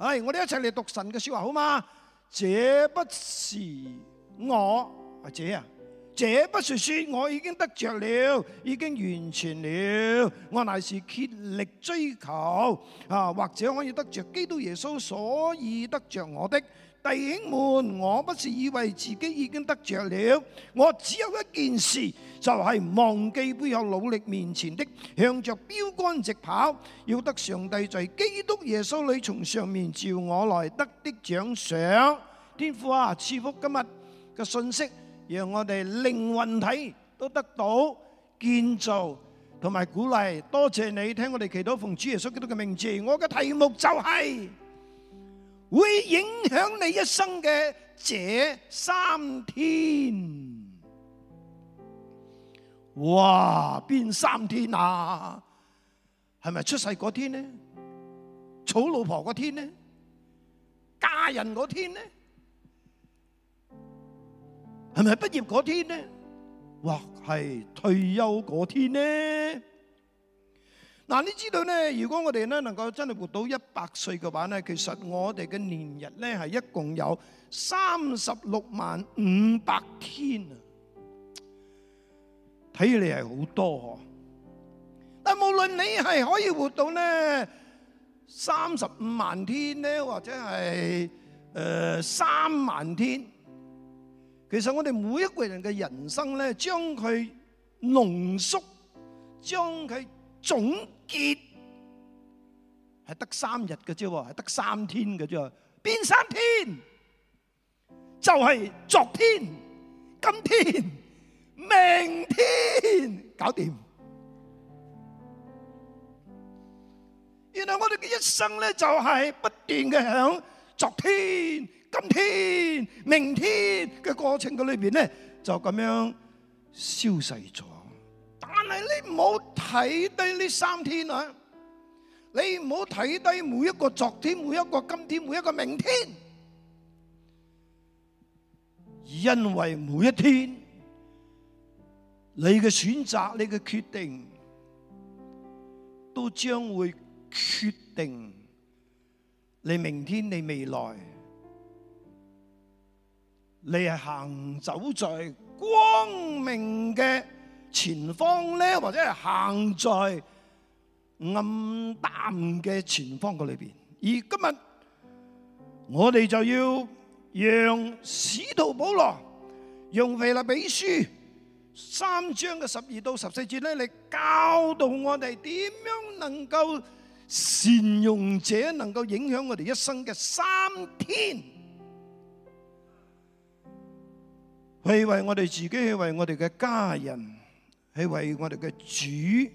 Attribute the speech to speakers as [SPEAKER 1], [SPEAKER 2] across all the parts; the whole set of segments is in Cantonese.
[SPEAKER 1] 唉、哎，我哋一齊嚟讀神嘅說話好嘛？這不是我或者啊這，這不是說我已經得着了，已經完全了。我乃是竭力追求啊，或者可以得着基督耶穌，所以得着我的。弟兄們，我不是以為自己已經得着了，我只有一件事，就係忘記背後努力面前的，向着標杆直跑，要得上帝在基督耶穌裏從上面召我來得的獎賞。天父啊，賜福今日嘅信息，讓我哋靈魂體都得到建造同埋鼓勵。多謝你聽我哋祈禱，奉主耶穌基督嘅名字，我嘅題目就係。會影響你一生嘅這三天，哇，邊三天啊？係咪出世嗰天呢？娶老婆嗰天呢？嫁人嗰天呢？係咪畢業嗰天呢？或係退休嗰天呢？嗱，你知道咧，如果我哋咧能夠真係活到一百歲嘅話咧，其實我哋嘅年日咧係一共有三十六萬五百天啊！睇起嚟係好多，但無論你係可以活到咧三十五萬天咧，或者係誒三萬天，其實我哋每一個人嘅人生咧，將佢濃縮，將佢總結係得三日嘅啫，係得三天嘅啫。邊三天？就係昨天、今天、明天，搞掂。原來我哋嘅一生咧，就係不斷嘅響昨天、今天、明天嘅過程嘅裏邊咧，就咁樣消逝咗。但係你唔好睇低呢三天啊！你唔好睇低每一個昨天、每一個今天、每一個明天。因為每一天，你嘅選擇、你嘅決定，都將會決定你明天、你未來。你係行走在光明嘅。前方咧，或者係行在暗淡嘅前方嗰裏邊。而今日我哋就要讓使徒保羅、用腓立比書三章嘅十二到十四節咧，嚟教導我哋點樣能夠善用者，能夠影響我哋一生嘅三天，去為我哋自己，去為我哋嘅家人。係為我哋嘅主，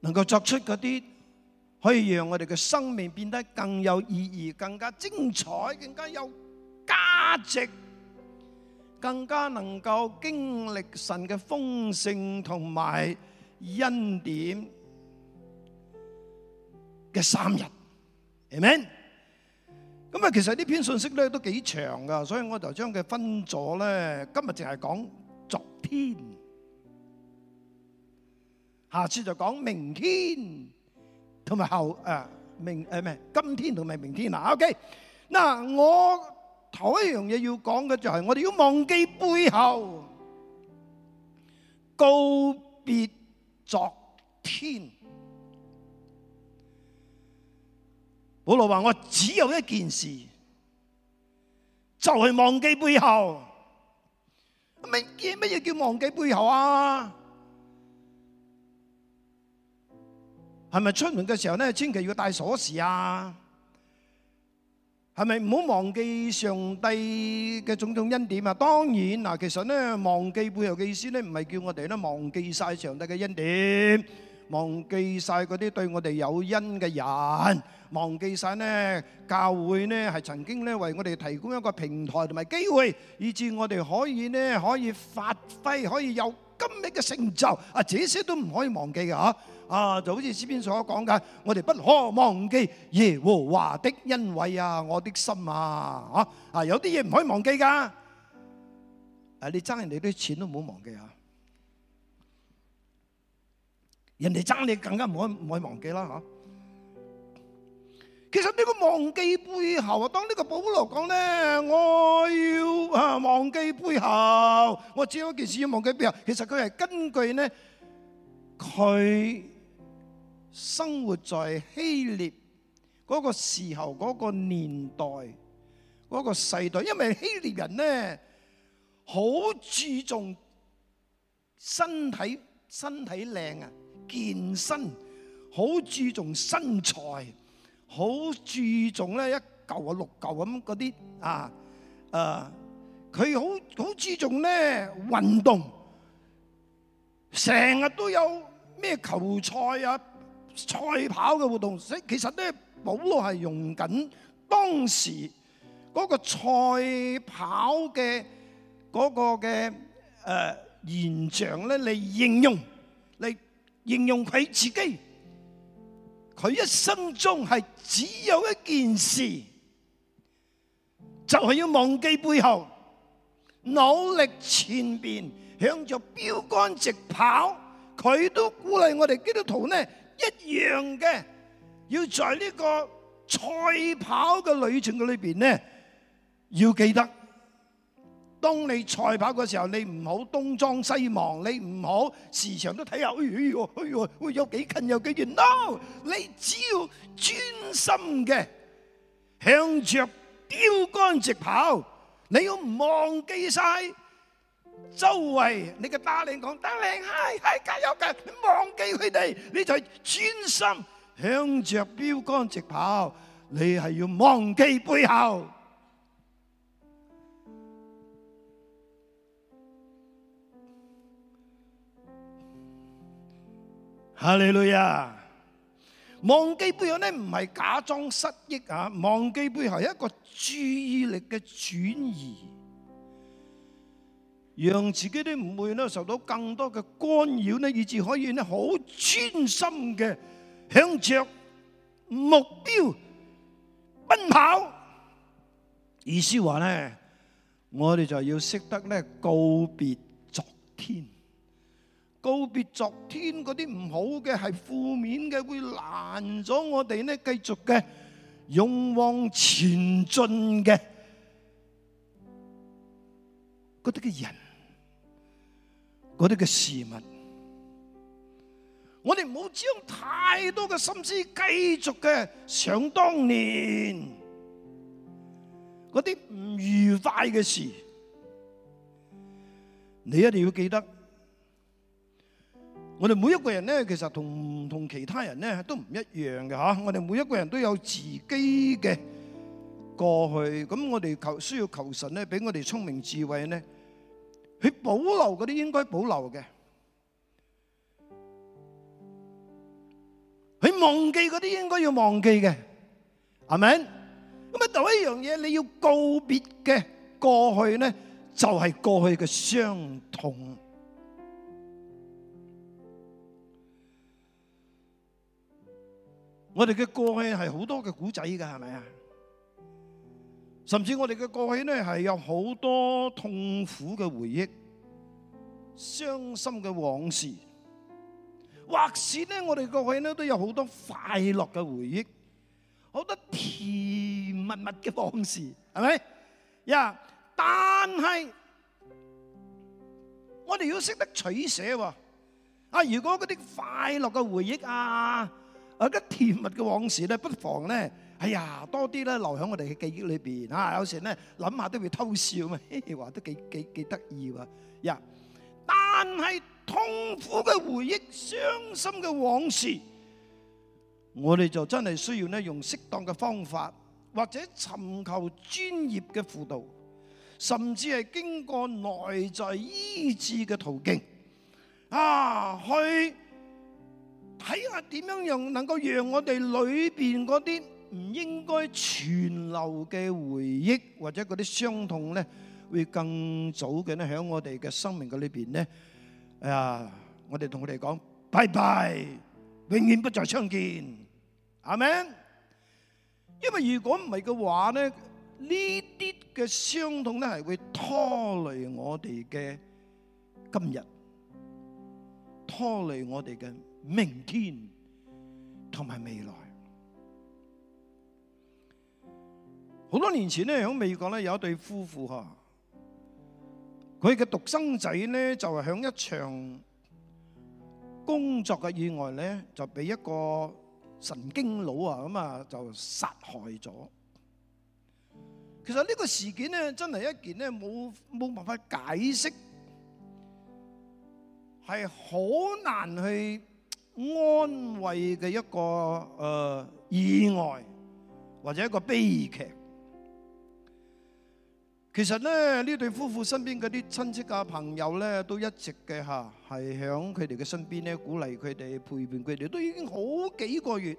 [SPEAKER 1] 能夠作出嗰啲可以讓我哋嘅生命變得更有意義、更加精彩、更加有價值、更加能夠經歷神嘅豐盛同埋恩典嘅三日，amen。咁啊，其實呢篇信息咧都幾長噶，所以我就將佢分咗咧。今日淨係講。天，下次就講明天，同埋後誒明誒咩，呃？今天同埋明天啊。O K，嗱，我頭一樣嘢要講嘅就係我哋要忘記背後，告別昨天。保羅話：我只有一件事，就係、是、忘記背後。咩叫乜嘢叫忘記背後啊？係咪出門嘅時候咧，千祈要帶鎖匙啊？係咪唔好忘記上帝嘅種種恩典啊？當然嗱，其實咧忘記背後嘅意思咧，唔係叫我哋咧忘記晒上帝嘅恩典。忘記晒嗰啲對我哋有恩嘅人，忘記晒呢教會呢係曾經呢為我哋提供一個平台同埋機會，以致我哋可以呢可以發揮，可以有今日嘅成就啊！這些都唔可以忘記噶吓啊！就好似詩篇所講嘅，我哋不可忘記耶和華的恩惠啊！我的心啊吓啊！有啲嘢唔可以忘記噶啊！你爭人哋啲錢都唔好忘記啊！人哋爭你更加唔可唔可以忘記啦嚇。其實呢個忘記背後啊，當呢個保羅講咧，我要啊忘記背後，我只有一件事要忘記背後。其實佢係根據咧，佢生活在希臘嗰個時候，嗰個年代，嗰個世代，因為希臘人咧好注重身體、身體靚啊。健身，好注重身材，好注重咧一嚿啊六嚿咁嗰啲啊。誒，佢好好注重咧運動，成日都有咩球賽啊、賽跑嘅活動。所以其實咧，保羅係用緊當時嗰個賽跑嘅嗰個嘅誒現象咧嚟應用嚟。形容佢自己，佢一生中係只有一件事，就係要忘記背後，努力前面，向着標杆直跑。佢都鼓勵我哋基督徒呢，一樣嘅，要在呢個賽跑嘅旅程裏邊呢，要記得。當你賽跑嘅時候，你唔好東張西望，你唔好時常都睇下，哎呦，哎呦，會有幾近有幾遠。no，你只要專心嘅，向着標杆直跑。你要忘記曬周圍你嘅打領工、打領鞋，係加油緊，忘記佢哋，你就係專心向着標杆直跑。你係要忘記背後。哈利路亞！忘記背後咧，唔係假裝失憶啊，忘記背後係一個注意力嘅轉移，讓自己都唔會咧受到更多嘅干擾咧，以致可以咧好專心嘅向着目標奔跑。意思話咧，我哋就要識得咧告別昨天。告別昨天嗰啲唔好嘅，係負面嘅，會攔咗我哋呢繼續嘅勇往前進嘅嗰啲嘅人，嗰啲嘅事物，我哋唔好將太多嘅心思繼續嘅想當年嗰啲唔愉快嘅事，你一定要記得。我哋每一個人咧，其實同同其他人咧都唔一樣嘅吓。我哋每一個人都有自己嘅過去，咁我哋求需要求神咧，俾我哋聰明智慧咧，去保留嗰啲應該保留嘅，去忘記嗰啲應該要忘記嘅，係咪？咁啊，第一樣嘢你要告別嘅過去咧，就係過去嘅傷痛。我哋嘅過去係好多嘅古仔噶，係咪啊？甚至我哋嘅過去呢，係有好多痛苦嘅回憶、傷心嘅往事，或是呢，我哋過去呢，都有好多快樂嘅回憶，好多甜蜜蜜嘅往事，係咪？呀，yeah，但係我哋要識得取捨喎。啊，如果嗰啲快樂嘅回憶啊～有一甜蜜嘅往事咧，不妨咧，哎呀，多啲咧留喺我哋嘅記憶裏邊嚇。有時咧諗下都會偷笑啊，話都幾幾幾得意啊。呀，但係痛苦嘅回憶、傷心嘅往事，我哋就真係需要咧用適當嘅方法，或者尋求專業嘅輔導，甚至係經過內在醫治嘅途徑啊去。睇下點樣讓能夠讓我哋裏邊嗰啲唔應該存留嘅回憶，或者嗰啲傷痛咧，會更早嘅咧喺我哋嘅生命嘅裏邊咧。哎呀，我哋同佢哋講拜拜，永遠不再相見，阿們。因為如果唔係嘅話咧，呢啲嘅傷痛咧係會拖累我哋嘅今日，拖累我哋嘅。明天同埋未來，好多年前咧，喺美國咧有一對夫婦嗬，佢嘅獨生仔咧就係響一場工作嘅意外咧，就俾一個神經佬啊咁啊就殺害咗。其實呢個事件呢，真係一件咧冇冇辦法解釋，係好難去。安慰嘅一個誒意外或者一個悲劇，其實咧呢對夫婦身邊嗰啲親戚啊朋友咧都一直嘅嚇係喺佢哋嘅身邊咧，鼓勵佢哋，陪伴佢哋，都已經好幾個月。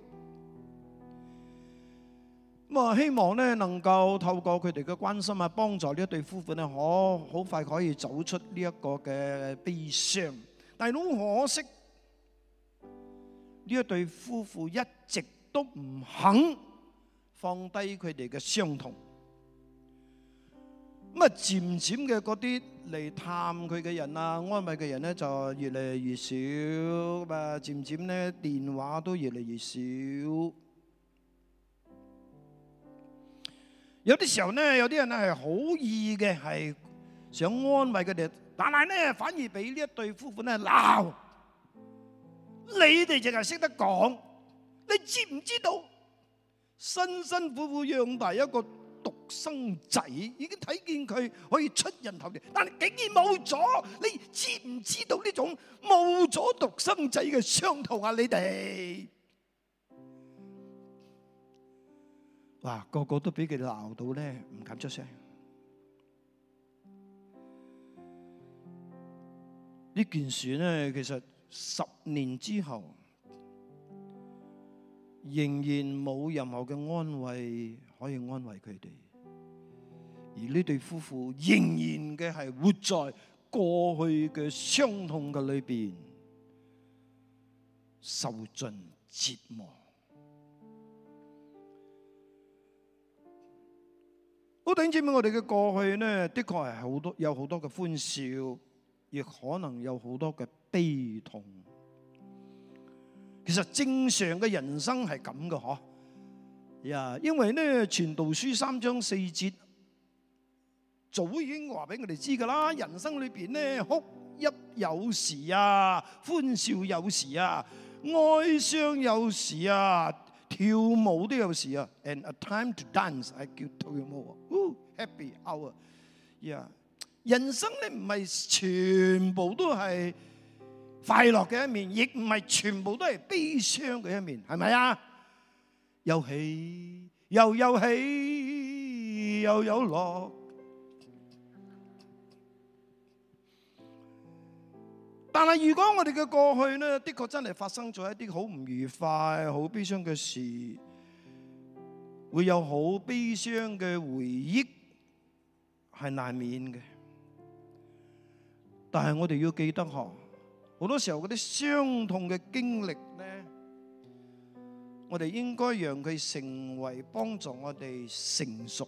[SPEAKER 1] 咁啊希望咧能夠透過佢哋嘅關心啊，幫助呢對夫婦咧可好快可以走出呢一個嘅悲傷，但係好可惜，呢一對夫婦一直都唔肯放低佢哋嘅傷痛，咁啊漸漸嘅嗰啲嚟探佢嘅人啊、安慰嘅人咧就越嚟越少，咁啊漸漸咧電話都越嚟越少。有啲時候咧，有啲人咧係好意嘅，係想安慰佢哋，但係咧反而俾呢一對夫婦咧鬧。你哋淨係識得講，你知唔知道？辛辛苦苦養大一個獨生仔，已經睇見佢可以出人頭地，但係竟然冇咗，你知唔知道呢種冇咗獨生仔嘅傷痛啊？你哋，哇，個個都俾佢鬧到咧，唔敢出聲。呢件事呢，其實。十年之後，仍然冇任何嘅安慰可以安慰佢哋，而呢對夫婦仍然嘅係活在過去嘅傷痛嘅裏邊，受盡折磨。好，弟兄姊妹，我哋嘅過去呢，的確係有好多有好多嘅歡笑，亦可能有好多嘅。悲痛，其實正常嘅人生係咁嘅嗬，呀，yeah, 因為咧傳道書三章四節，早已經話俾我哋知噶啦。人生裏邊咧，哭泣有時啊，歡笑有時啊，哀傷有時啊，跳舞都有時啊。And a time to dance，係叫跳舞啊。Ooh, happy hour，呀，yeah，人生咧唔係全部都係。快樂嘅一面，亦唔係全部都係悲傷嘅一面，係咪啊？有起，又有起，又有落。但係如果我哋嘅過去呢，的確真係發生咗一啲好唔愉快、好悲傷嘅事，會有好悲傷嘅回憶，係難免嘅。但係我哋要記得嗬。好多時候嗰啲傷痛嘅經歷咧，我哋應該讓佢成為幫助我哋成熟、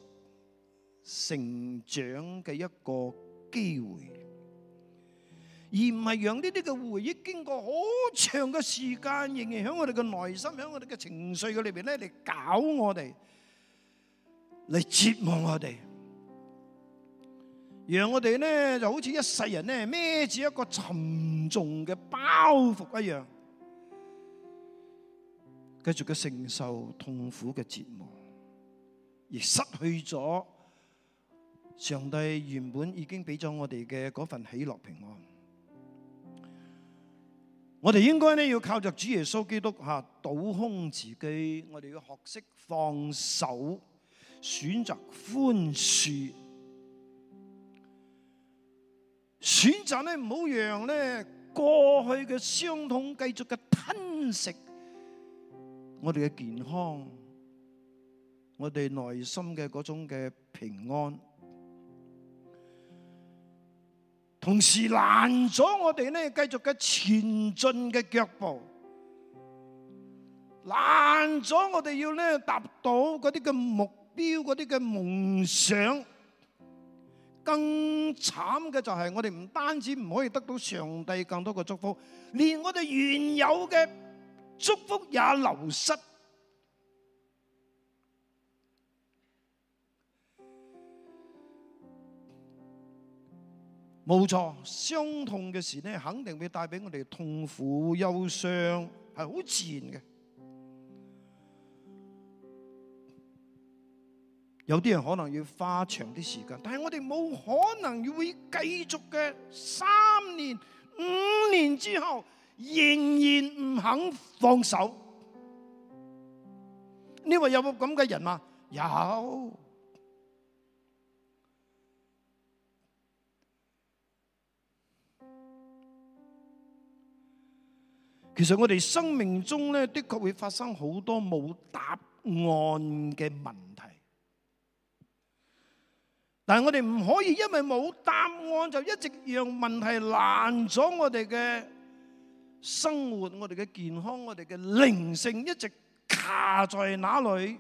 [SPEAKER 1] 成長嘅一個機會，而唔係讓呢啲嘅回憶經過好長嘅時間，仍然喺我哋嘅內心、喺我哋嘅情緒嘅裏邊咧嚟搞我哋，嚟折磨我哋。讓我哋咧就好似一世人咧孭住一個沉重嘅包袱一樣，繼續嘅承受痛苦嘅折磨，而失去咗上帝原本已經俾咗我哋嘅嗰份喜樂平安。我哋應該咧要靠着主耶穌基督吓，倒空自己，我哋要學識放手，選擇寬恕。選擇咧唔好讓咧過去嘅傷痛繼續嘅吞食我哋嘅健康，我哋內心嘅嗰種嘅平安，同時攔咗我哋咧繼續嘅前進嘅腳步，攔咗我哋要咧達到嗰啲嘅目標，嗰啲嘅夢想。更慘嘅就係我哋唔單止唔可以得到上帝更多嘅祝福，連我哋原有嘅祝福也流失。冇錯，傷痛嘅事呢，肯定會帶俾我哋痛苦、憂傷，係好自然嘅。有啲人可能要花長啲時間，但係我哋冇可能會繼續嘅三年五年之後仍然唔肯放手。你話有冇咁嘅人嘛？有。其實我哋生命中咧，的確會發生好多冇答案嘅問題。但係我哋唔可以因為冇答案，就一直讓問題難咗我哋嘅生活，我哋嘅健康，我哋嘅靈性一直卡在那裏。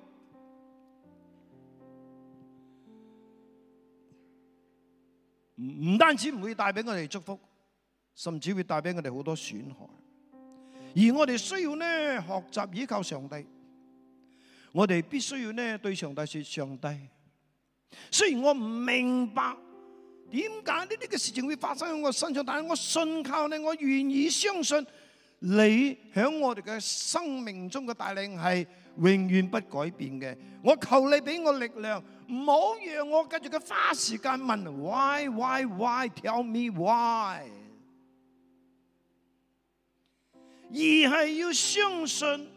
[SPEAKER 1] 唔，唔單止唔會帶俾我哋祝福，甚至會帶俾我哋好多損害。而我哋需要呢，學習依靠上帝，我哋必須要呢，對上帝說上帝，雖然我唔明白點解呢啲嘅事情會發生喺我身上，但係我信靠你，我願意相信你響我哋嘅生命中嘅帶領係永遠不改變嘅。我求你俾我力量，唔好讓我繼續咁花時間問 why why why，tell me why，而係要相信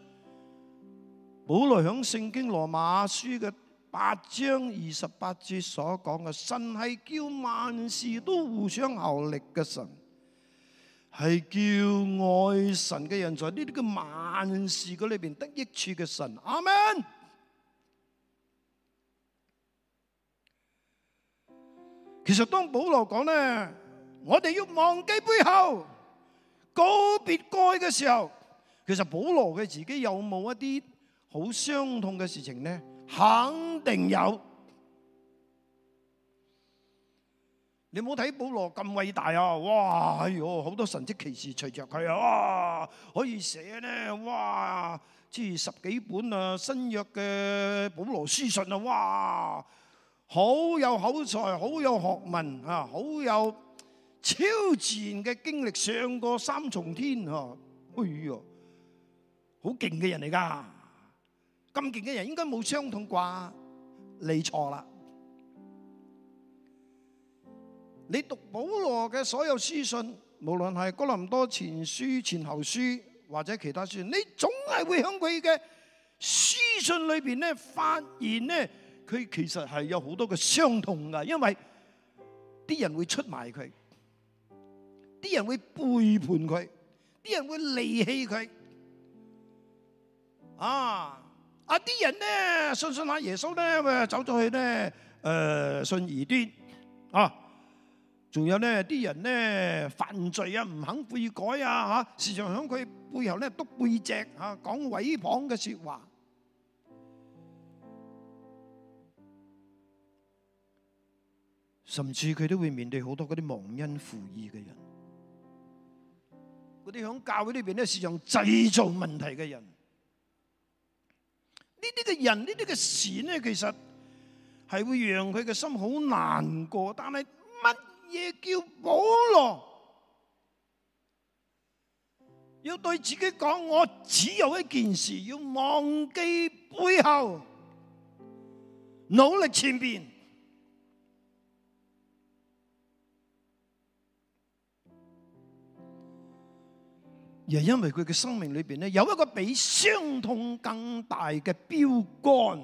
[SPEAKER 1] 保羅響聖經羅馬書嘅。八章二十八節所講嘅神係叫萬事都互相效力嘅神，係叫愛神嘅人，在呢啲叫萬事嘅裏邊得益處嘅神。阿門。其實當保羅講咧，我哋要忘記背後，告別過去嘅時候，其實保羅嘅自己有冇一啲好傷痛嘅事情呢？肯定有，你冇睇保羅咁偉大啊！哇，哎喲，好多神蹟奇事隨着佢啊！哇，可以寫呢，哇，即係十幾本啊新約嘅保羅書信啊！哇，好有口才，好有學問啊，好有超自然嘅經歷，上過三重天啊！哎喲，好勁嘅人嚟㗎～咁勁嘅人應該冇傷痛啩？你錯啦！你讀保羅嘅所有書信，無論係哥林多前書、前後書或者其他書，你總係會響佢嘅書信裏邊咧發現咧，佢其實係有好多嘅傷痛噶，因為啲人會出賣佢，啲人會背叛佢，啲人會離棄佢啊！啊！啲人咧信信阿耶穌咧，走咗去咧，誒信異端，啊，仲有咧啲人咧犯罪啊，唔肯悔改啊，嚇，時常喺佢背後咧篤背脊嚇，講毀謗嘅説話，甚至佢都會面對好多嗰啲忘恩負義嘅人，嗰啲喺教會裏邊咧時常製造問題嘅人。呢啲嘅人，呢啲嘅事咧，其實係會讓佢嘅心好難過。但係乜嘢叫保羅要對自己講，我只有一件事，要忘記背後，努力前邊。又因為佢嘅生命裏邊咧，有一個比傷痛更大嘅標杆；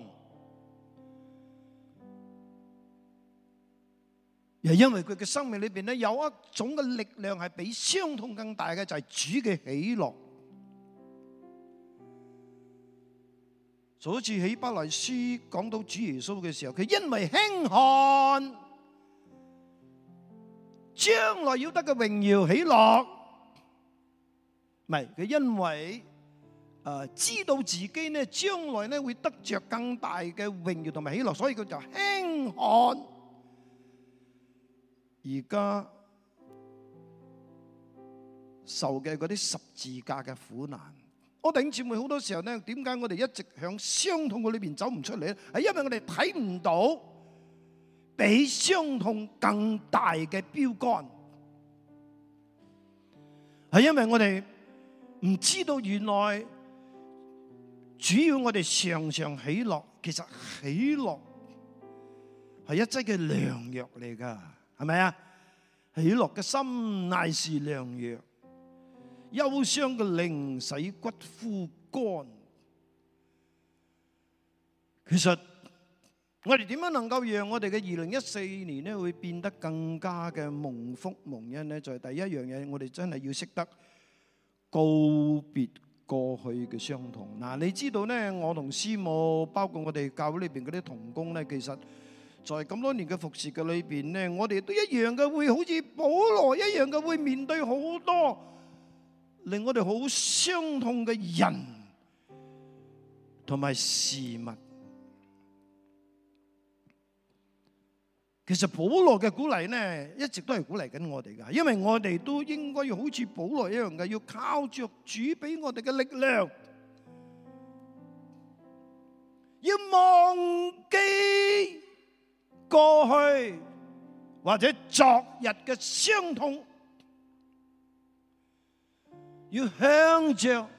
[SPEAKER 1] 又因為佢嘅生命裏邊咧，有一種嘅力量係比傷痛更大嘅，就係主嘅喜樂。就好似希伯來書講到主耶穌嘅時候，佢因為興漢，將來要得嘅榮耀喜樂。唔係，佢因為誒知道自己咧將來咧會得著更大嘅榮耀同埋喜樂，所以佢就輕看而家受嘅嗰啲十字架嘅苦難。我弟兄姊妹，好多時候咧，點解我哋一直喺傷痛嘅裏邊走唔出嚟咧？係因為我哋睇唔到比傷痛更大嘅標杆，係因為我哋。唔知道原來，主要我哋常常喜樂，其實喜樂係一劑嘅良藥嚟噶，係咪啊？喜樂嘅心乃是良藥，憂傷嘅靈使骨枯乾。其實我哋點樣能夠讓我哋嘅二零一四年呢，會變得更加嘅蒙福蒙恩呢？就係第一樣嘢，我哋真係要識得。告別過去嘅傷痛。嗱，啊，你知道咧，我同師母，包括我哋教會裏邊啲同工咧，其實，在咁多年嘅服侍嘅裏邊咧，我哋都一樣嘅，會好似保羅一樣嘅，會面對好多令我哋好傷痛嘅人同埋事物。其實保羅嘅鼓勵呢，一直都係鼓勵緊我哋㗎，因為我哋都應該要好似保羅一樣嘅，要靠着主俾我哋嘅力量，要忘記過去或者昨日嘅傷痛，要向着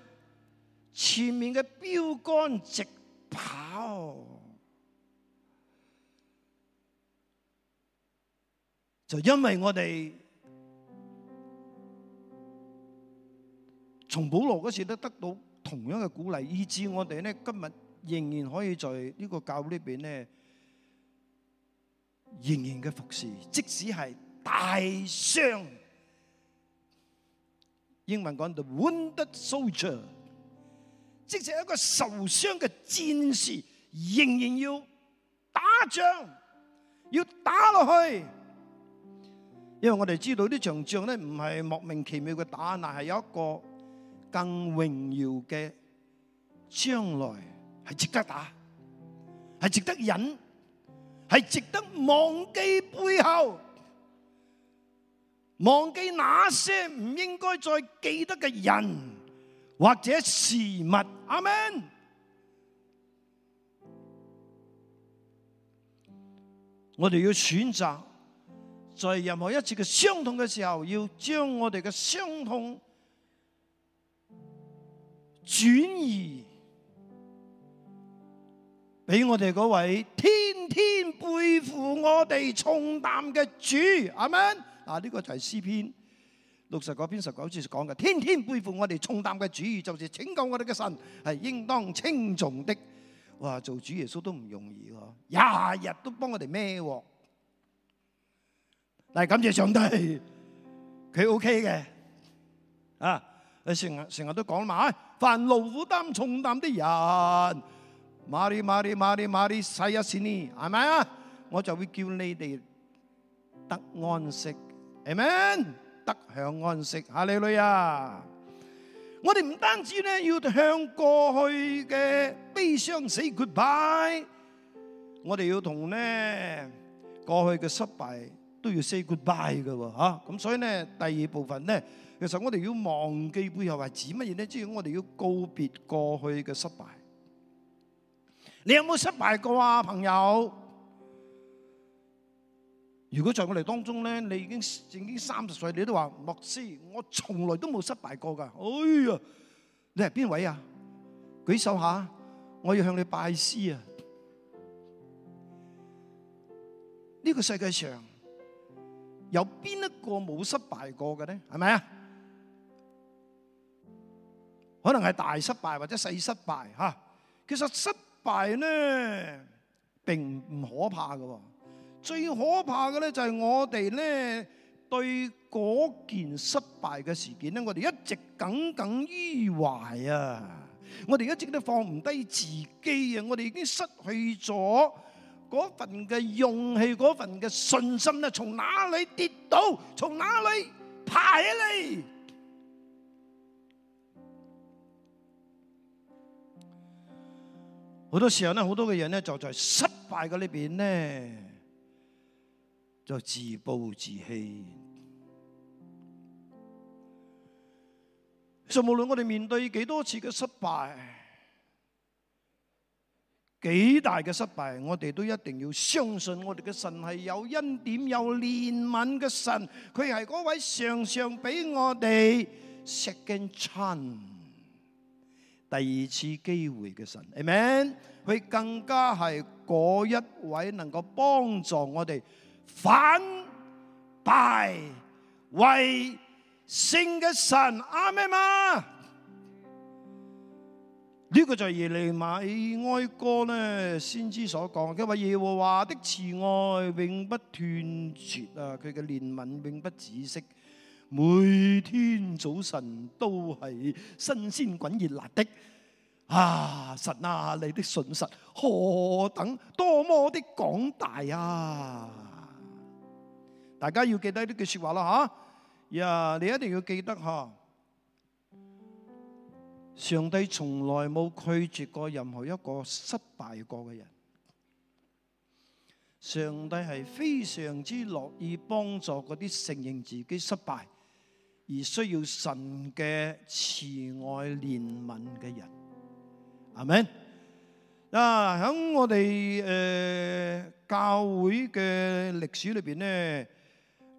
[SPEAKER 1] 前面嘅標杆直跑。就因為我哋從保羅嗰時都得到同樣嘅鼓勵，以，以至我哋咧今日仍然可以在呢個教會邊呢邊咧，仍然嘅服侍，即使係大傷，英文講到 wounded soldier，即使係一個受傷嘅戰士，仍然要打仗，要打落去。因為我哋知道呢場仗咧，唔係莫名其妙嘅打，但係有一個更榮耀嘅將來，係值得打，係值得忍，係值得忘記背後，忘記那些唔應該再記得嘅人或者事物。阿門，我哋要選擇。在任何一次嘅傷痛嘅時候，要將我哋嘅傷痛轉移俾我哋嗰位天天背負我哋重擔嘅主，係咪？嗱，呢個就係詩篇六十九篇十九節講嘅，天天背負我哋重擔嘅主、啊這個、主，就是拯救我哋嘅神，係應當稱頌的。哇，做主耶穌都唔容易咯，日、啊、日都幫我哋孭。啊係感謝上帝，佢 OK 嘅啊！你成日成日都講嘛，凡勞苦擔重擔的人，埋嚟埋嚟埋嚟埋嚟，細一細呢係咪啊？我就會叫你哋得安息，係咪？得享安息，吓你女啊！我哋唔單止咧要向過去嘅悲傷 say goodbye，我哋要同咧過去嘅失敗。都要 say goodbye 嘅喎嚇，咁所以咧第二部分咧，其實我哋要忘記背後係指乜嘢咧？即係我哋要告別過去嘅失敗。你有冇失敗過啊，朋友？如果在我哋當中咧，你已經已經三十歲，你都話牧師，我從來都冇失敗過噶。哎呀，你係邊位啊？舉手下，我要向你拜師啊！呢個世界上。有邊一個冇失敗過嘅咧？係咪啊？可能係大失敗或者細失敗吓、啊。其實失敗咧並唔可怕嘅，最可怕嘅咧就係我哋咧對嗰件失敗嘅事件咧，我哋一直耿耿於懷啊！我哋一直都放唔低自己啊！我哋已經失去咗。嗰份嘅勇氣，嗰份嘅信心咧，從哪裏跌倒，從哪裏爬起嚟？好多時候咧，好多嘅人咧，就在失敗嘅裏邊咧，就自暴自棄。就無論我哋面對幾多次嘅失敗，幾大嘅失敗，我哋都一定要相信，我哋嘅神係有恩典、有憐憫嘅神，佢係嗰位常常俾我哋食緊餐、第二次機會嘅神，係咪？佢更加係嗰一位能夠幫助我哋反敗為勝嘅神，啱咩嘛？呢個就係耶利米哀哥呢先知所講嘅話，耶和華的慈愛永不斷絕啊！佢嘅憐憫永不止息，每天早晨都係新鮮滾熱辣的啊！神啊，你的信實何等多麼的廣大啊！大家要記得呢句說話啦吓，又、yeah, 一定要記得吓。上帝從來冇拒絕過任何一個失敗過嘅人。上帝係非常之樂意幫助嗰啲承認自己失敗而需要神嘅慈愛憐憫嘅人。阿門。啊，喺我哋誒、呃、教會嘅歷史裏邊咧。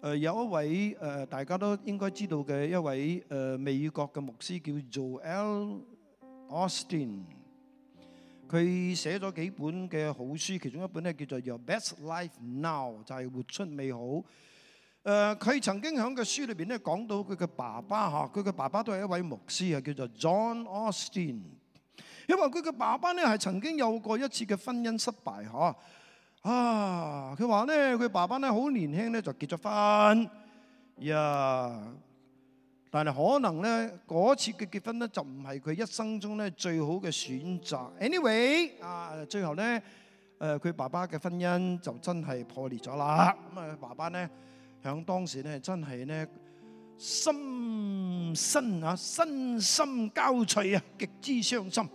[SPEAKER 1] 誒、呃、有一位誒、呃、大家都應該知道嘅一位誒、呃、美國嘅牧師叫做 Joel Austin，佢寫咗幾本嘅好書，其中一本咧叫做《Your Best Life Now》，就係、是、活出美好。誒、呃、佢曾經喺個書裏邊咧講到佢嘅爸爸嚇，佢、啊、嘅爸爸都係一位牧師啊，叫做 John Austin。因為佢嘅爸爸咧係曾經有過一次嘅婚姻失敗嚇。啊。啊！佢話咧，佢爸爸咧好年輕咧就結咗婚呀，yeah. 但係可能咧嗰次嘅結婚咧就唔係佢一生中咧最好嘅選擇。Anyway，啊，最後咧，誒、呃、佢爸爸嘅婚姻就真係破裂咗啦。咁啊，爸爸咧喺當時咧真係咧心身啊身心交瘁啊，極之傷心。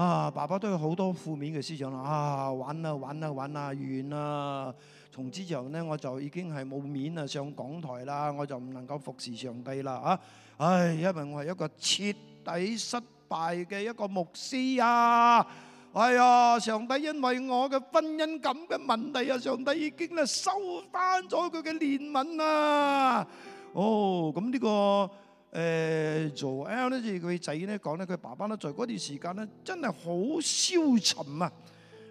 [SPEAKER 1] 啊！爸爸都有好多負面嘅思想啦！啊，玩啊玩啊玩啊怨啊完！從此之後呢我就已經係冇面啊上講台啦，我就唔能夠服侍上帝啦啊！唉，因為我係一個徹底失敗嘅一個牧師啊！係、哎、呀，上帝因為我嘅婚姻咁嘅問題啊，上帝已經咧收翻咗佢嘅憐憫啊！哦，咁呢、這個。誒做 L 呢，即佢仔咧講咧，佢爸爸咧在嗰段時間咧，真係好消沉啊！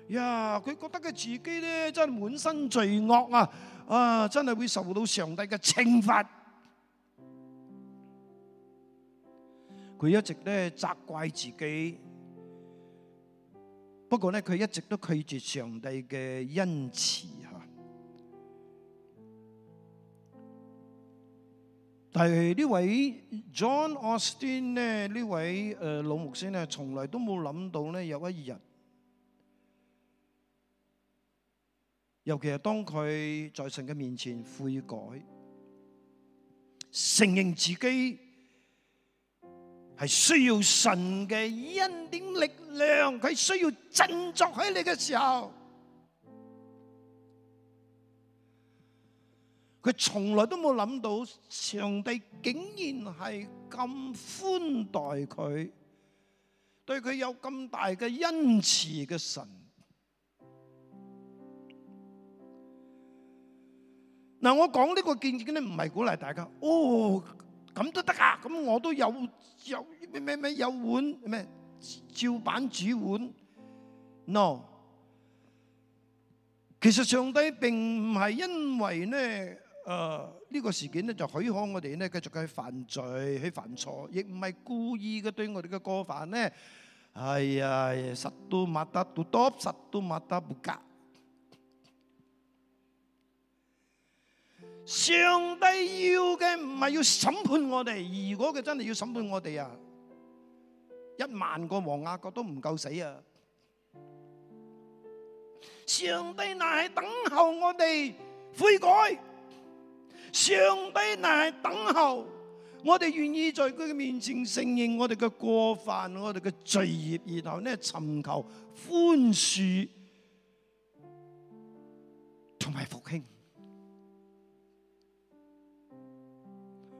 [SPEAKER 1] 呀，佢覺得佢自己咧真係滿身罪惡啊！啊，真係會受到上帝嘅懲罰。佢一直咧責怪自己，不過咧佢一直都拒絕上帝嘅恩賜。但係呢位 John Austin 呢，呢位老牧師呢，從來都冇諗到有一日，尤其係當佢在神嘅面前悔改、承認自己係需要神嘅恩典力量，佢需要振作起嚟嘅時候。佢從來都冇諗到，上帝竟然係咁寬待佢，對佢有咁大嘅恩慈嘅神。嗱、嗯，我講呢個見證咧，唔係鼓勵大家哦，咁都得啊？咁、嗯、我都有有咩咩咩有碗咩照板煮碗？No，其實上帝並唔係因為咧。誒，呢個事件咧就許可我哋咧繼續去犯罪去犯錯，亦唔係故意嘅對我哋嘅過犯咧。哎呀，實都冇得逃脱，實都冇得補救。上帝要嘅唔係要審判我哋，如果佢真係要審判我哋啊，一萬個黃雅各都唔夠死啊！上帝乃係等候我哋悔改。上帝乃等候，我哋願意在佢嘅面前承認我哋嘅過犯，我哋嘅罪孽。然後咧尋求寬恕同埋復興。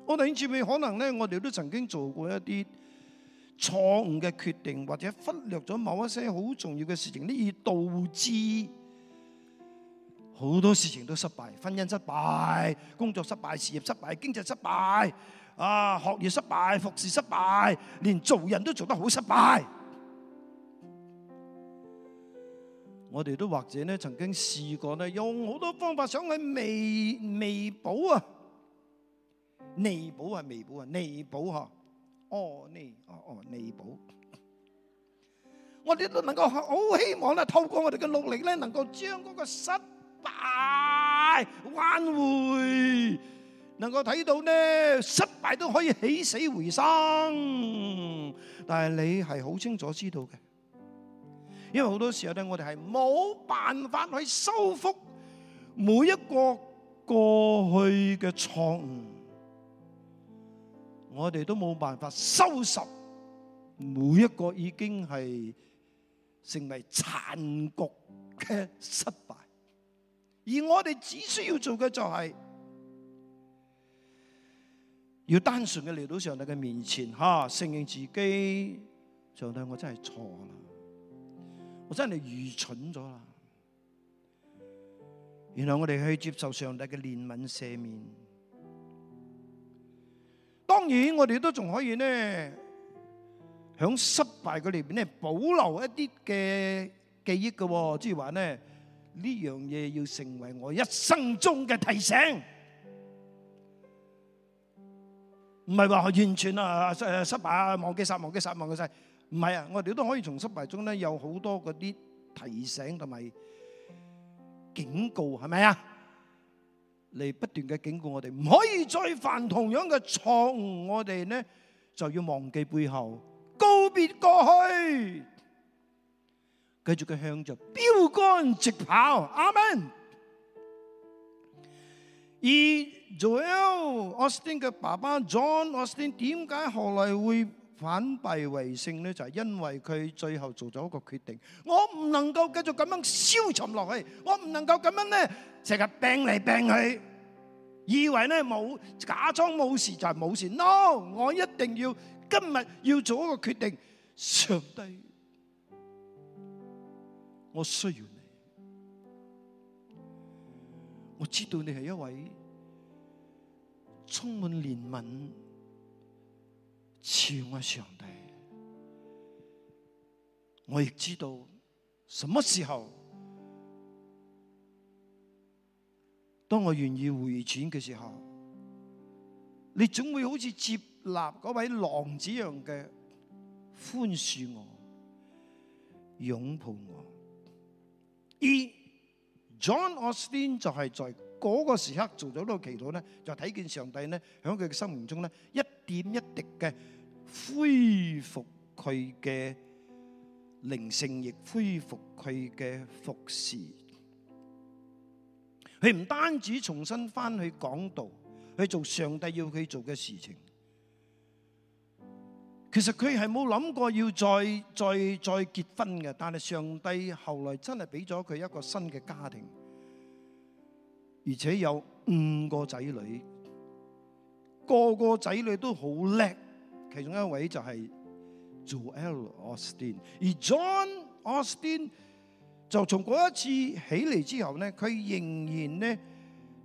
[SPEAKER 1] 我哋以前可能咧，我哋都曾經做過一啲錯誤嘅決定，或者忽略咗某一些好重要嘅事情，呢而導致。好多事情都失敗，婚姻失敗、工作失敗、事業失敗、經濟失敗，啊，學業失敗、服侍失敗，連做人都做得好失敗。我哋都或者咧，曾經試過咧，用好多方法想去彌彌補啊，彌補啊，彌補啊，彌補呵，哦彌、啊，哦哦彌補。我哋都能夠好希望咧，透過我哋嘅努力咧，能夠將嗰個失大挽回，能夠睇到咧，失敗都可以起死回生。但係你係好清楚知道嘅，因為好多時候咧，我哋係冇辦法去修復每一個過去嘅錯誤，我哋都冇辦法收拾每一個已經係成為殘局嘅失敗。而我哋只需要做嘅就係，要單純嘅嚟到上帝嘅面前吓，承認自己，上帝我真係錯啦，我真係愚蠢咗啦。然後我哋去接受上帝嘅憐憫赦免。當然，我哋都仲可以呢，響失敗嘅裏邊咧保留一啲嘅記憶噶喎，即係話呢。呢樣嘢要成為我一生中嘅提醒，唔係話完全啊誒失敗啊，忘記晒，忘記晒，忘記晒，唔係啊，我哋都可以從失敗中咧有好多嗰啲提醒同埋警告，係咪啊？嚟不斷嘅警告我哋，唔可以再犯同樣嘅錯誤，我哋咧就要忘記背後，告別過去。繼續佢向著標杆直跑，阿門。而 Joel Austin 嘅爸爸 John Austin 點解後來會反敗為勝咧？就係因為佢最後做咗一個決定，我唔能夠繼續咁樣消沉落去，我唔能夠咁樣咧成日病嚟病去，以為咧冇假裝冇事就係冇事，no，我一定要今日要做一個決定，上帝。我需要你，我知道你係一位充滿憐憫、慈愛上帝。我亦知道什麼時候，當我願意回轉嘅時候，你總會好似接納嗰位浪子一樣嘅寬恕我、擁抱我。而 John Austin 就係在個時刻做咗呢個祈禱咧，就睇見上帝咧響佢嘅生命中咧一點一滴嘅恢復佢嘅靈性，亦恢復佢嘅服侍，佢唔單止重新翻去講道，去做上帝要佢做嘅事情。其實佢係冇諗過要再再再結婚嘅，但係上帝後來真係俾咗佢一個新嘅家庭，而且有五個仔女，個個仔女都好叻。其中一位就係 Joel Austin，而 John Austin 就從嗰一次起嚟之後咧，佢仍然咧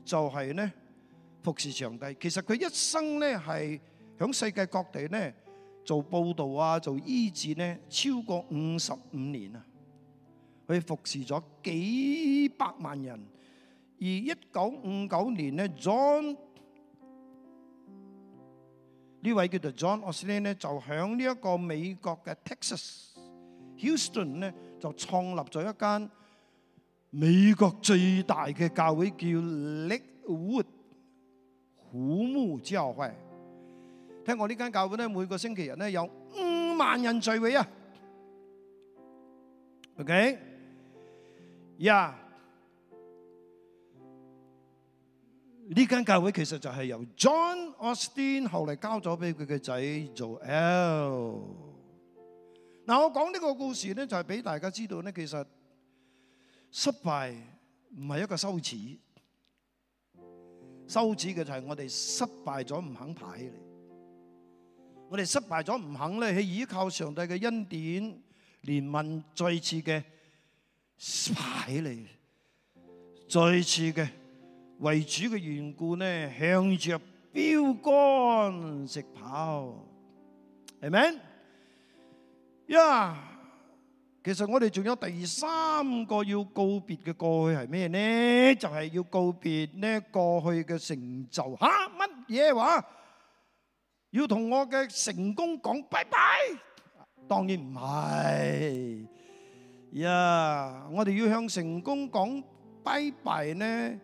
[SPEAKER 1] 就係咧服侍上帝。其實佢一生咧係響世界各地咧。做佈道啊，做醫治咧，超過五十五年啊，佢服侍咗幾百萬人。而一九五九年咧，John 呢位叫做 John Osteen 咧，就喺呢一個美國嘅 Texas Houston 咧，就創立咗一間美國最大嘅教會，叫 Lakewood 湖木教會。聽我呢間教會咧，每個星期日咧，有五萬人聚會啊。OK，呀，呢間教會其實就係由 John Osteen 後嚟交咗俾佢嘅仔做 Joel。嗱，我講呢個故事咧，就係俾大家知道咧，其實失敗唔係一個羞恥，羞恥嘅就係我哋失敗咗唔肯爬起嚟。我哋失敗咗唔肯呢，去依靠上帝嘅恩典憐憫，再次嘅爬起嚟，再次嘅為主嘅緣故呢，向着標竿直跑，係咪？呀，其實我哋仲有第三個要告別嘅過去係咩呢？就係要告別呢過去嘅成就，吓乜嘢話？要同我嘅成功講拜拜，當然唔係呀。Yeah, 我哋要向成功講拜拜呢？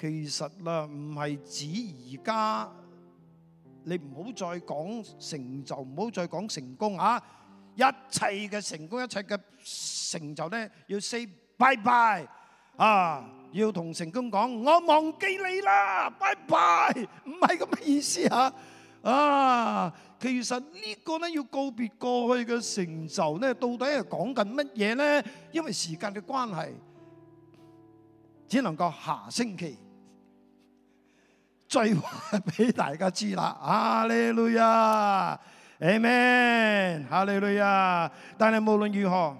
[SPEAKER 1] 其實啦，唔係指而家。你唔好再講成就，唔好再講成功啊！一切嘅成功，一切嘅成，成就呢要 say 拜拜啊！要同成功講，我忘記你啦，拜拜，唔係咁嘅意思吓。啊，其實呢個呢要告別過去嘅成就呢，到底係講緊乜嘢呢？因為時間嘅關係，只能夠下星期再話俾大家知啦。哈利路亞，阿門，哈利路亞。但係無論如何，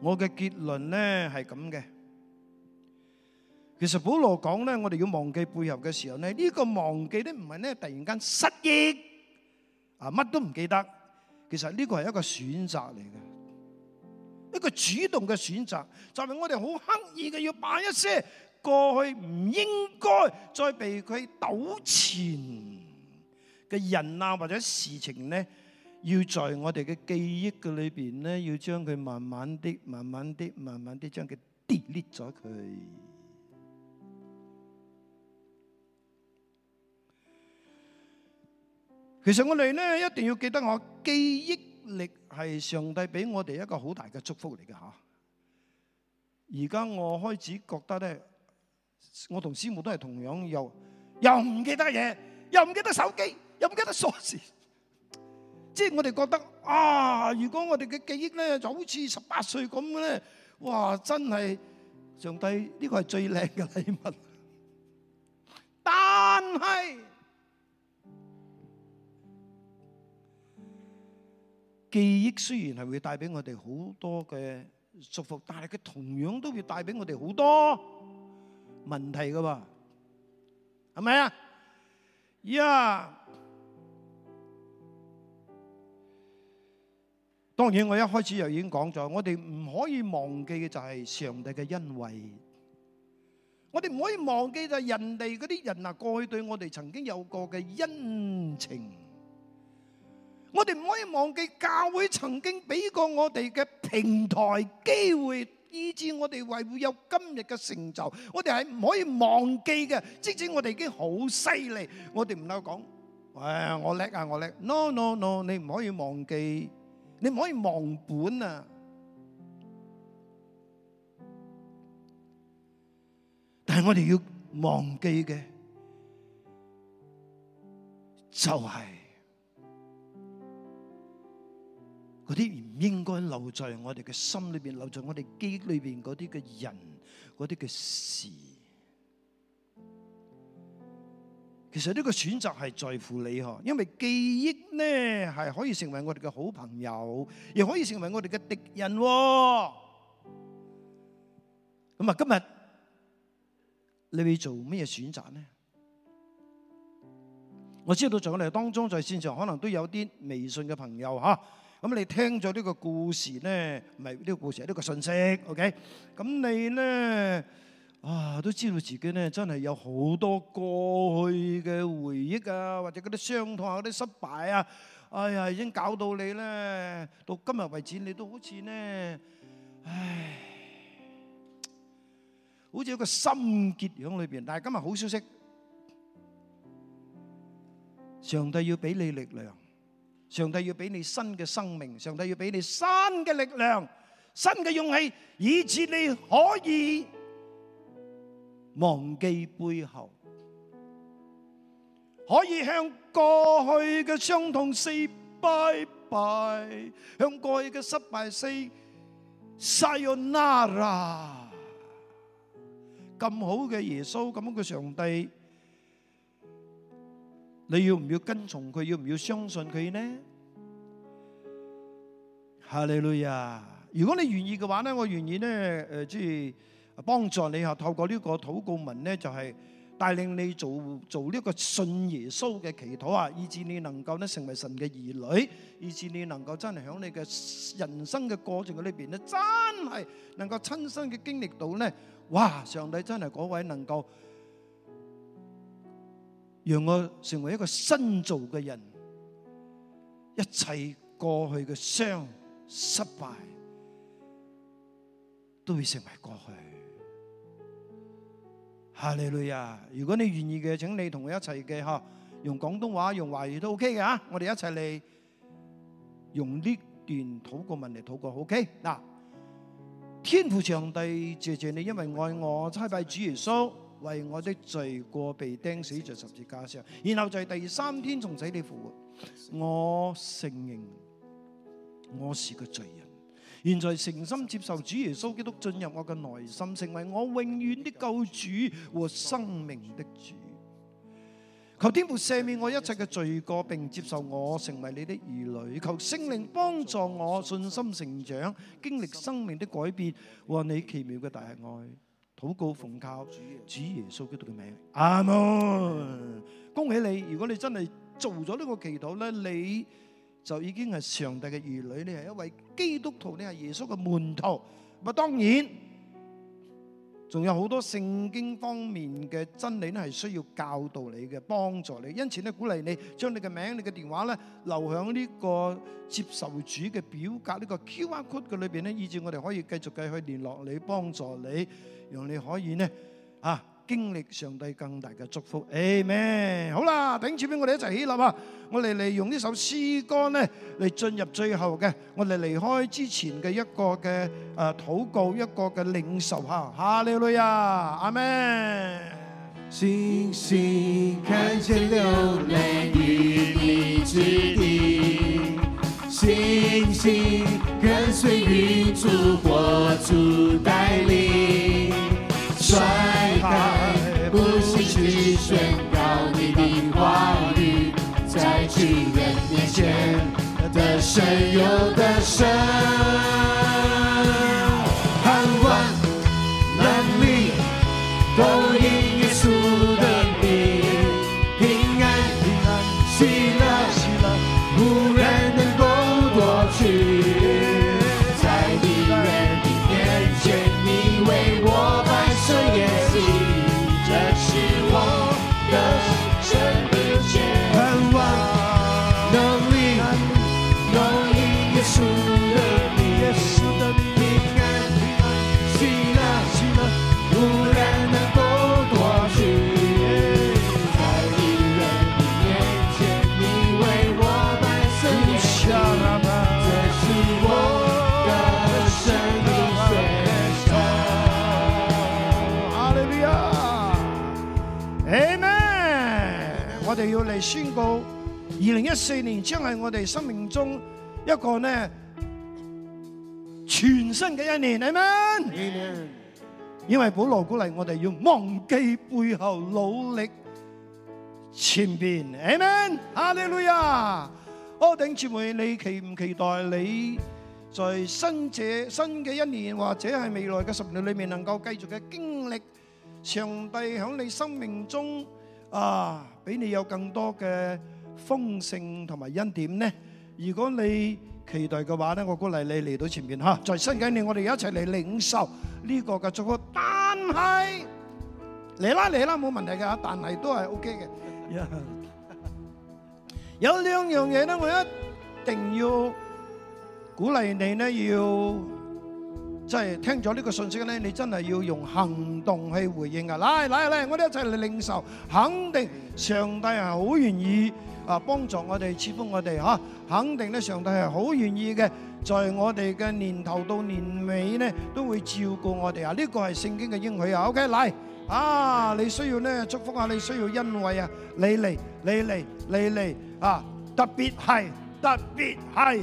[SPEAKER 1] 我嘅結論呢係咁嘅。其實保羅講咧，我哋要忘記背後嘅時候咧，呢個忘記咧唔係咧突然間失憶啊，乜都唔記得。其實呢個係一個選擇嚟嘅，一個主動嘅選擇，就係我哋好刻意嘅要把一些過去唔應該再被佢糾纏嘅人啊或者事情咧，要在我哋嘅記憶嘅裏邊咧，要將佢慢慢啲、慢慢啲、慢慢啲將佢 delete 咗佢。其實我哋咧一定要記得，我記憶力係上帝俾我哋一個好大嘅祝福嚟嘅吓。而家我開始覺得咧，我同師母都係同樣又又唔記得嘢，又唔記得手機，又唔記得鎖匙。即係我哋覺得啊，如果我哋嘅記憶咧就好似十八歲咁咧，哇！真係上帝呢個係最靚嘅禮物，但係。記憶雖然係會帶俾我哋好多嘅祝福，但係佢同樣都會帶俾我哋好多問題噶喎，係咪啊？呀、yeah，當然我一開始就已經講咗，我哋唔可以忘記嘅就係上帝嘅恩惠，我哋唔可以忘記就係人哋嗰啲人啊，過去對我哋曾經有過嘅恩情。我哋唔可以忘記教會曾經俾過我哋嘅平台機會，以致我哋維護有今日嘅成就。我哋係唔可以忘記嘅，即使我哋已經好犀利，我哋唔能夠講，誒，我叻啊，我叻！No，no，no，你唔可以忘記，你唔可以忘本啊！但係我哋要忘記嘅就係。嗰啲唔應該留在我哋嘅心裏邊，留在我哋記憶裏邊嗰啲嘅人，嗰啲嘅事。其實呢個選擇係在乎你呵，因為記憶呢係可以成為我哋嘅好朋友，亦可以成為我哋嘅敵人。咁啊，今日你會做咩選擇呢？我知道在我哋當中，在線上可能都有啲微信嘅朋友嚇。咁你聽咗呢個故事咧，唔係呢個故事係呢個信息，OK？咁你咧啊，都知道自己咧真係有好多過去嘅回憶啊，或者嗰啲傷痛啊、嗰啲失敗啊，哎呀，已經搞到你咧到今日為止，你都好似咧，唉，好似有個心結喺裏邊。但係今日好消息，上帝要俾你力量。上帝要俾你新嘅生命，上帝要俾你新嘅力量、新嘅勇氣，以致你可以忘記背後，可以向過去嘅傷痛 say bye bye，向過去嘅失敗 say sayonara。咁好嘅耶穌，咁樣嘅上帝。你要唔要跟從佢？要唔要相信佢呢？哈利路亞！如果你願意嘅話咧，我願意咧，誒，即係幫助你啊，透過呢個禱告文咧，就係帶領你做做呢個信耶穌嘅祈禱啊，以致你能夠咧成為神嘅兒女，以致你能夠真係喺你嘅人生嘅過程嘅裏邊咧，真係能夠親身嘅經歷到咧，哇！上帝真係嗰位能夠。讓我成為一個新造嘅人，一切過去嘅傷、失敗都會成為過去。哈利路亞！如果你願意嘅，請你同我一齊嘅嗬，用廣東話、用華語都 OK 嘅啊！我哋一齊嚟，用呢段禱告文嚟禱告，OK？嗱，天父上帝，謝謝你，因為愛我，差派主耶穌。為我的罪過被釘死在十字架上，然後在第三天從死裏復活。我承認我是個罪人，現在誠心接受主耶穌基督進入我嘅內心，成為我永遠的救主和生命的主。求天父赦免我一切嘅罪過，並接受我成為你的兒女。求聖靈幫助我信心成長，經歷生命的改變和你奇妙嘅大愛。禱告奉靠主耶穌基督嘅名，阿門！恭喜你，如果你真係做咗呢個祈禱咧，你就已經係上帝嘅兒女，你係一位基督徒，你係耶穌嘅門徒。啊，當然。仲有好多聖經方面嘅真理咧，係需要教導你嘅、幫助你，因此咧鼓勵你將你嘅名、你嘅電話咧留喺呢個接受主嘅表格、這個、呢個 QR code 嘅裏邊咧，以致我哋可以繼續繼續聯絡你、幫助你，讓你可以咧啊。經歷上帝更大嘅祝福，阿們，好啦，頂住畀，我哋一齊起立啊！我哋嚟用呢首詩歌呢，嚟進入最後嘅我哋離開之前嘅一個嘅誒禱告，一個嘅領受下，哈，利路亞，阿們，星星看見流淚之地，星星跟隨雲柱火柱帶領，帥。宣告你的話語，在巨人面前得勝又得勝。我嚟宣告，二零二四年將係我哋生命中一個呢全新嘅一年，係嗎？因為保羅鼓勵我哋要忘記背後，努力前邊，amen。哈利路亞，我頂住，唔會你期唔期待你在新者新嘅一年，或者係未來嘅十年裏面，能夠繼續嘅經歷上帝響你生命中。啊！俾你有更多嘅豐盛同埋恩典呢？如果你期待嘅話咧，我鼓勵你嚟到前面吓，在新嘅年，我哋一齊嚟領受呢個嘅祝福。但係嚟啦嚟啦，冇問題㗎，但係都係 OK 嘅。有兩樣嘢咧，我一定要鼓勵你呢要。即係聽咗呢個信息呢，你真係要用行動去回應啊！嚟嚟嚟，我哋一齊嚟領受，肯定上帝係好願意啊幫助我哋，賜福我哋嚇！肯定呢，上帝係好願意嘅，在我哋嘅年頭到年尾呢，都會照顧我哋啊！呢個係聖經嘅應許啊！OK，嚟啊！你需要呢祝福啊，你需要恩惠啊，你嚟，你嚟，你嚟啊！特別係特別係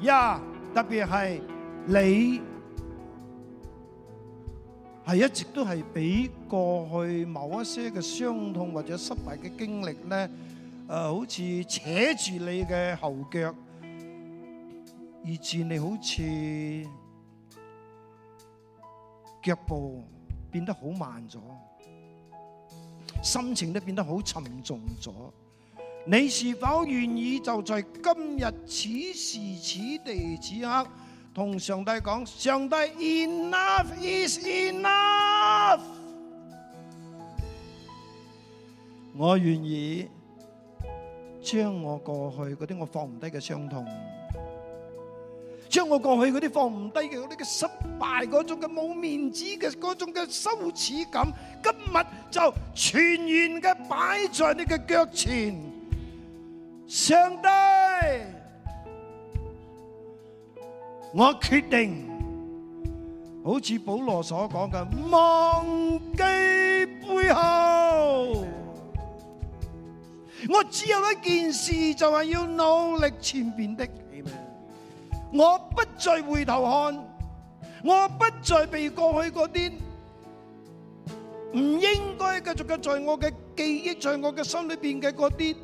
[SPEAKER 1] 呀，特別係你。係一直都係俾過去某一些嘅傷痛或者失敗嘅經歷咧，誒、呃，好似扯住你嘅後腳，以致你好似腳步變得好慢咗，心情都變得好沉重咗。你是否願意就在今日此時此地此刻？同上帝講，上帝，Enough is enough，我願意將我過去嗰啲，我放唔低嘅傷痛，將我過去嗰啲放唔低嘅嗰啲嘅失敗嗰種嘅冇面子嘅嗰種嘅羞恥感，今日就全然嘅擺在你嘅腳前，上帝。我決定，好似保羅所講嘅，忘記背後。我只有一件事，就係要努力前邊的。我不再回頭看，我不再被過去嗰啲唔應該繼續嘅，在我嘅記憶，在我嘅心裏邊嘅嗰啲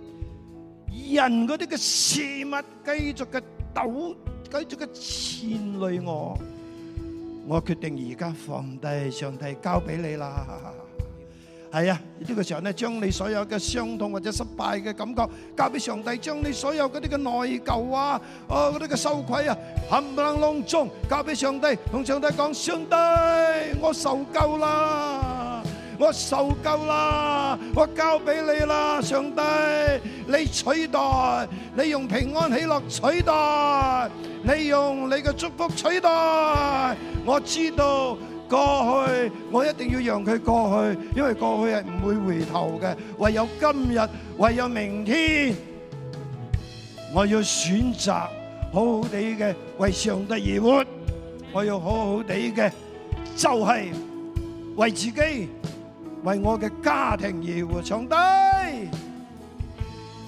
[SPEAKER 1] 人嗰啲嘅事物繼續嘅抖。繼續嘅纏累我，我決定而家放低，上帝交俾你啦。係啊，這個、時候呢個時候咧，將你所有嘅傷痛或者失敗嘅感覺交俾上帝，將你所有嗰啲嘅內疚啊，哦嗰啲嘅羞愧啊，冚唪唥浪中交俾上帝，同上帝講，上帝我受夠啦。我受夠啦，我交俾你啦，上帝，你取代，你用平安喜樂取代，你用你嘅祝福取代。我知道過去我一定要讓佢過去，因為過去係唔會回頭嘅，唯有今日，唯有明天，我要選擇好好地嘅為上帝而活，我要好好地嘅就係為自己。為我嘅家庭而活，上帝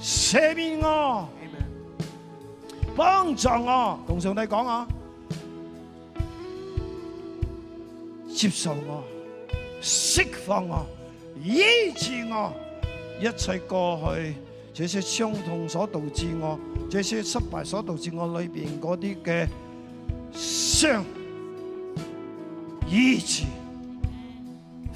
[SPEAKER 1] 赦免我，幫助我，同上帝講啊，接受我，釋放我，醫治我，一切過去，這些傷痛所導致我，這些失敗所導致我裏邊嗰啲嘅傷，醫治。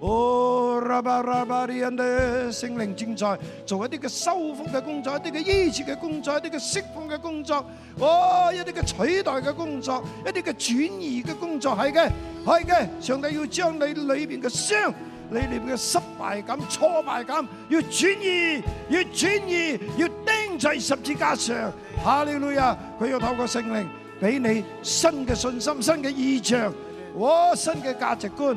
[SPEAKER 1] 哦，拉巴拉巴啲人咧，聖靈正在做一啲嘅修復嘅工作，一啲嘅醫治嘅工作，一啲嘅釋放嘅工作，哦，一啲嘅取代嘅工作，一啲嘅轉移嘅工作，係嘅，係嘅，上帝要將你裏邊嘅傷，你裏邊嘅失敗感、挫敗感，要轉移，要轉移，要釘在十字架上。哈利路亞，佢要透過聖靈俾你新嘅信心、新嘅意象，哦，新嘅價值觀。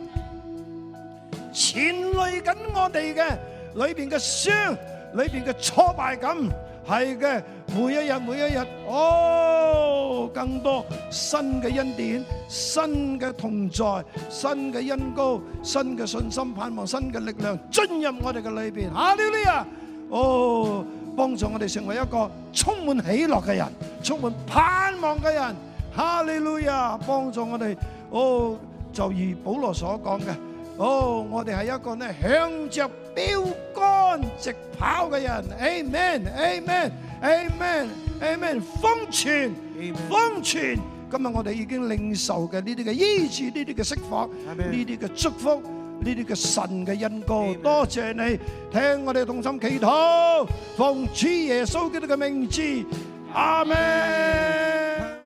[SPEAKER 1] 前累緊我哋嘅裏邊嘅傷，裏邊嘅挫敗感，係嘅，每一日每一日，哦，更多新嘅恩典，新嘅同在，新嘅恩膏，新嘅信心盼望，新嘅力量進入我哋嘅裏邊，哈利路亞，哦，幫助我哋成為一個充滿喜樂嘅人，充滿盼望嘅人，哈利路亞，幫助我哋，哦，就如保羅所講嘅。哦，我哋係一個呢，向着標杆直跑嘅人，Amen，Amen，Amen，Amen，豐全，豐全。今日我哋已經領受嘅呢啲嘅醫治，呢啲嘅釋放，呢啲嘅祝福，呢啲嘅神嘅恩膏，多謝你聽我哋同心祈禱，奉主耶穌基督嘅名字，阿門。